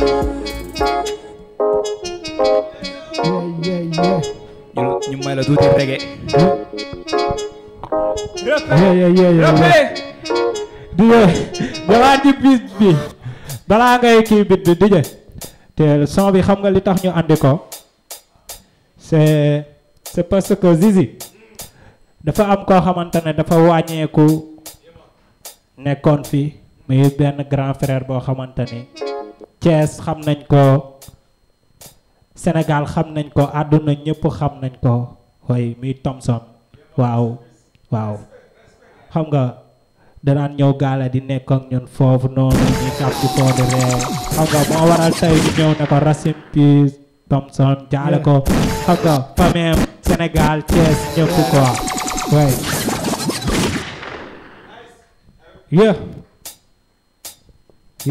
Yeah, yeah, yeah. You, you might have do the reggae. Yeah, yeah, yeah, yeah. yeah. DJ, dama di beat bi. Bala ngay ki beat bi DJ. Té son bi xam nga li tax ñu andé ko. C'est c'est parce que Zizi dafa am ko xamantene dafa wañéku nekkoon fi mais benn grand frère boo xamante Thiès xam nañ ko senegaal xam nañ ko àdduna ñëpp xam nañ ko way muy Thomson waaw waaw xam nga danaan ñëw gaala di nekk ak ñun foofu noonu ñu kàpp di foo de xam nga moo waral tey ñëw ne ko Racine Puy Thomson jaale ko xam nga famille Sénégal Thiès ñëpp quoi way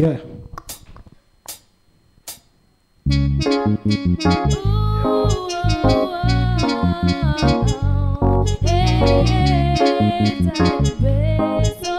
yeah Ooh, oh, oh, oh,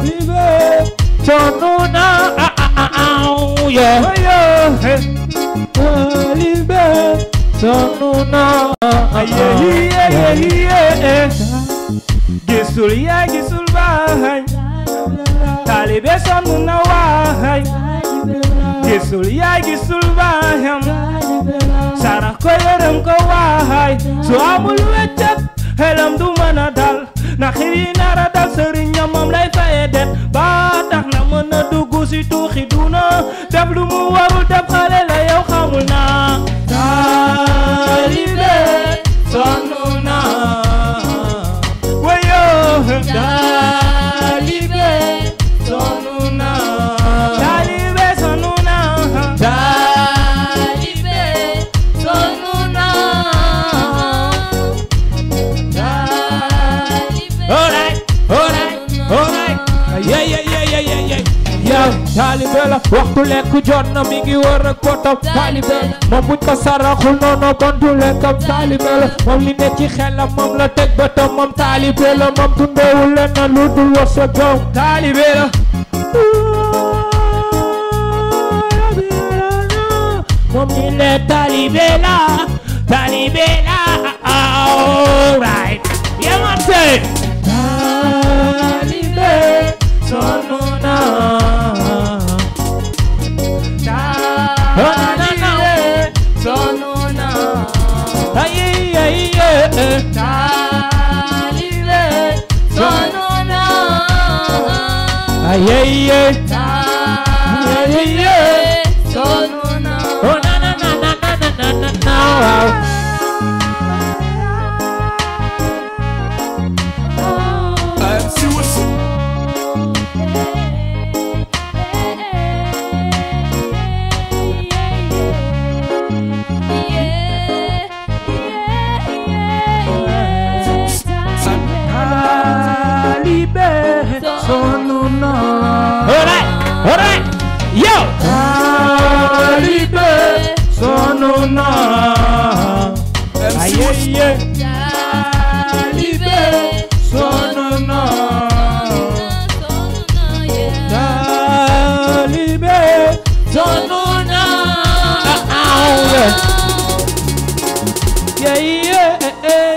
Vive ton honneur. Ah, ah, xelam du mën a dal na xir sëriñam moom lay faye det ba tax na mën a dugg si tuuxi duna lu mu warul def xale la yow bantu lekk jot na mi ngi wër ak botam taalibe la moom buñ ko saraxul noonu bantu lekkam taalibe li ne ci xelam moom la teg bëtam moom taalibe la moom tundeewul na lu ne all right yeah man say taalibe yeah, yeah. Sonona. Aïe, aïe. Jalibé, Sonona. Jalibé, eh, eh. Sonona. Yeah, yeah, yeah.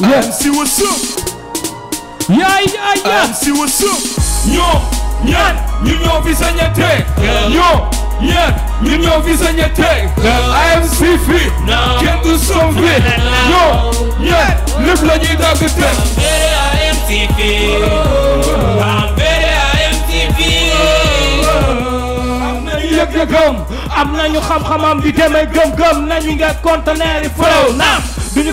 Yeah. MC, what's up? Yeah, yeah, yeah. MC, what's up? Yo, nyan, you know, if it's on your tech. Yo. Yeah, ñun ñoo fi non a teg AMC fii kenn du yeah, fi ñoo yéen lépp la I dagg teg AMC I am na ñu yëg-yëgam am na ñu xam am di gom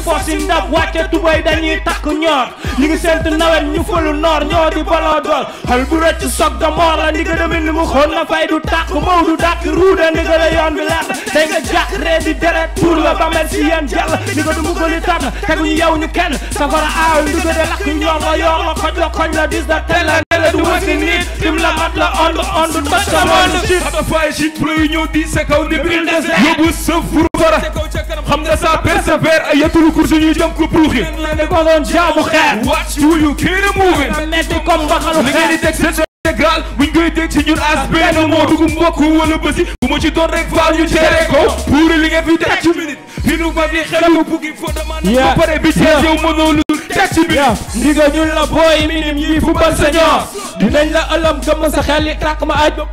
force ndab wàcce tubay dañuy takk ñoor ñi ngi sent nawet ñu fëlu noor ñoo di baloo door xal bu rëcc sog da moor la ndiga demin ni mu xoon na fay du tàkk maw du dàkk ruuda ndiga la yoon bi leer na tey nga jàqree di deret pour la bamel si yéen jàll ni ko du mbugali tar na teguñu yow ñu kenn safara aaw ndiga de lakk ñoor la yoor la xoj la xoj la dis da teel la ne la du ma si nit dim la mat la ond ond toj sa monde shit xata fay shit play ñëw di sa kaw di bil dese yóbbu sa furu fara xam nga sa persévère ay yetulu course ñuy jëm ko buuxi ne ko doon jaamu xeer watch you you kenn muuxi metti comme mbaxalu xeer a ngeen di teg seen intégrale buñ koy dégg ci ñun as a moo dugg mbokk wala bësi bu ma ci doon rek faal ñu tere ko buuri li nga fi teg ci minute fi nu fi xelu buggi fo dama ne pare bi teg yow mënoo lu dul teg ci minute ndiga ñun la booy minim yi fu ban sa ñoor dinañ la ëlëm gëmm sa xel li tàkk ma aj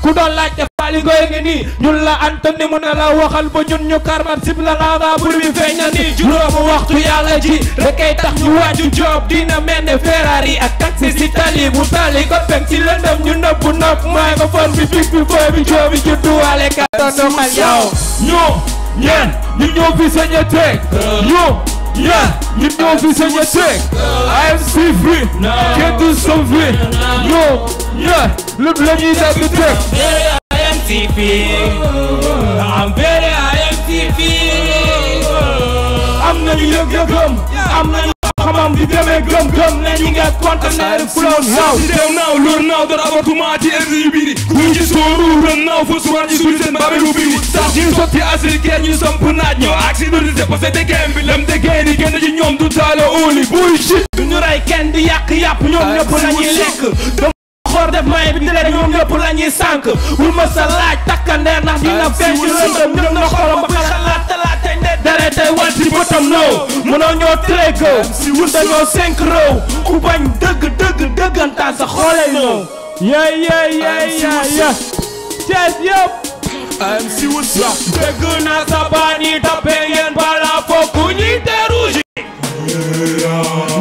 ku doon laaj Waly Ngoye ngi ni ñun la antenne mu ne la waxal ba ñun ñu karmat sib la laaba bur bi feeña nii juróomu waxtu yalla ji rekay tax ñu waju job dina mel Ferrari ak taxi si tali bu tali ko peg ci lëndëm ñu nopp nopp mooy ko fon bi big bi fooy bi ci judduwaale ka doxal yow ñu ñeen ñu ñëw fi sañ a teg Yeah, ñeen ñu ñëw fi sañ a I I'm si free kenn du somfri ñu ñeen lépp la ñuy dagg teg MTV. I'm better, I MTV. am nañu yëg-yëgam. am nañu xam-xamam di demee gëm-gëm. ne ñi nga kontaan naa leen kuloon naaw. si teew naaw loor naaw doon avortement ci RG yu biir. kuy gis tooru ren naaw fa suba ci suñu seen babelu biir. sax ñuy sotti asiri kër ñu samp naaj ñoo ak si dund parce que game bi lam de génn génn ci ñoom du taale óoli buy shit. duñu rey kenn di yàq yàpp ñoom ñëpp lañuy lekk. xor def maye bi télé ñoom ñëpp la ñuy sànq bu ma sa laaj takkandeer ndax dina feeñ ci lëndëm ñëpp na xorom ba xalaat talaat te ndet dara tey wat ci bëtam now mënoo ñoo trégo ñun dañoo cinq réew ku bañ dëgg dëgg dëggantaan sa xoolee now yay yay yay yay Thiès yëpp am si wut la dégg naa sa baan yi tappe ngeen bala fokk ñuy teru ji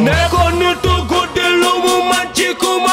ne ko guddi lu mu man ci kuma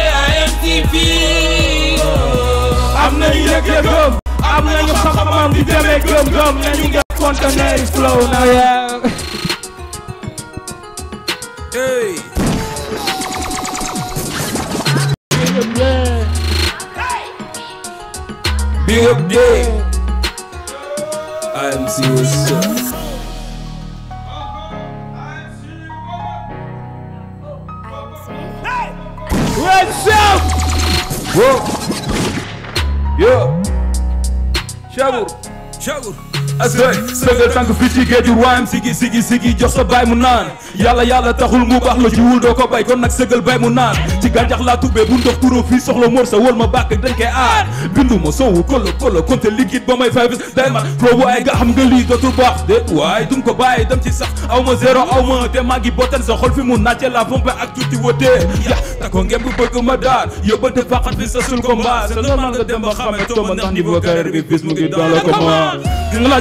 TV am not your yeg i am not your nañu xam-xamam di demee gëm-gëm nañu nga conteneur yi flow Now yeah. hey big up day I'm serious asdoy sëgal tànk fii ci géeju ruwaayam sigi sigi sigi jox sa baay mu naan yàlla yàlla taxul mu baax la jiwul doo ko bay kon nag sëgal mu naan ci gàncax laa tubbee bu ndox turoo fii soxla mor sa wol ma bàkk dañ koy aar bindu ma sowu kolo kolo konte liggit ba may fay bis day mat foo bu ay nga xam nga lii dootul baax de ko bàyyi dem ci sax aw ma zéro aw ma botan sa xol fi mu nàcce la pompe ak tuuti wotee ya ta ko ngem bu bëgg ma daar yóbbante faqat bi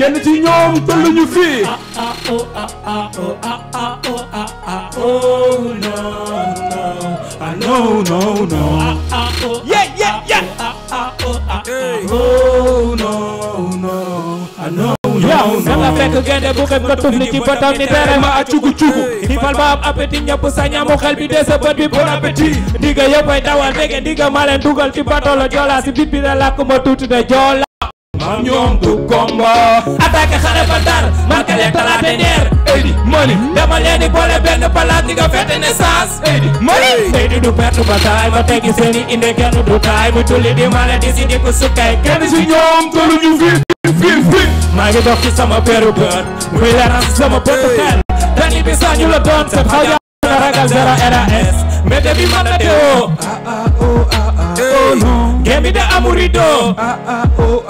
kenn ci ñoom tolluñu fi No, no, no. Yeah, yeah, yeah. Oh, no, no. I know. no no. gende bu xeb ko tufli ci bëtam ni tere ma a cugu cugu Ni fal ba am appétit bi dee sa bi bon appétit Ndiga yëppay dawal ndege ndiga dugal jola si bit la làkk jola ak ñoom du combat. attaqué xare ba dar marqué leen talaate neer. Eddie Money dama leen di boole benn palaat di nga ne saas. Eddie Money Eddie du perte bataay ma teggi seen i inde kenn du taay mu tulli di mala di si di ko kenn si ñoom tolluñu fi. maa ngi dox ci sama peru muy leeral sama bët xel tani bi sañu la doon sa xaja na ragal zéro bi mën na teewoo. ah ah oh ah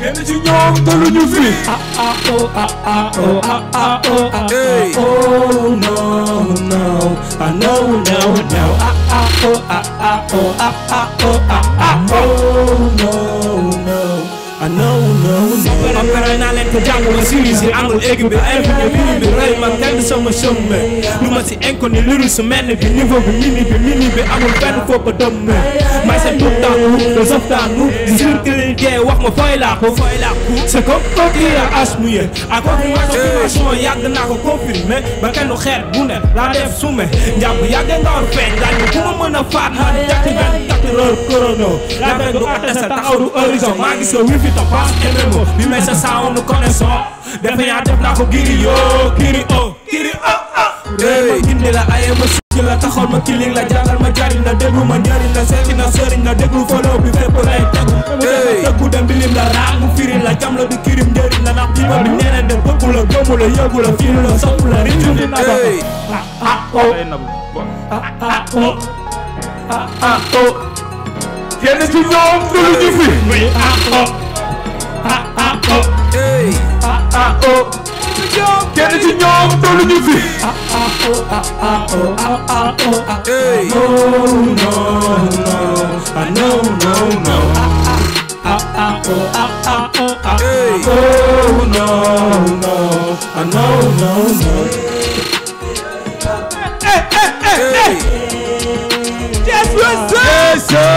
kenn ci ñoom tolluñu fi. ah ah oh oh no no ah no no no oh no no ah no no no. leen jàng ma suñu si amul aigu bi air bi mini bi rëy ma kenn sama chôme lu ma si inconnu liru su mel bi niveau bi mini bi amul benn foo ko dëmme may sa tout temps wu da sof temps nu di wax ma fooy laa ko fooy laa ko c'est comme as mu yë ak kooku ma confirmation yàgg naa ko confirmé ba kenn xeet bu ne laa def sume njàpp yàgg nga war feeñ daañu ku ma mën a faat naa di benn contrôle chrono label du atte sa taxaw du horizon maa gis o o o déy indi la aye ma si la taxaw ma kiling la ma jariñ la déglu ma njariñ la seeti na sëriñ la déglu follow bi fépp lay tegu tegu dem bilim la raagu firin na dem bëggu la gëmu la yëgu la fiiru la sopp la riccu di naba ah ah oh. ah ah oh. Y'a des étudiants pour Oui, ah oh. Ah ah oh. Hey. Ah ah oh. Y'a des étudiants pour le Ah ah oh, ah ah oh, ah ah oh, ah hey. No, no, no. Ah no, no, no. Ah ah oh, ah ah oh, ah ah oh, no, no. Ah no, no, no.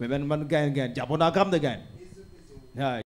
මෙවැනි මන් ගෑන ගෑන ජපනා කරම්ද ගෑන්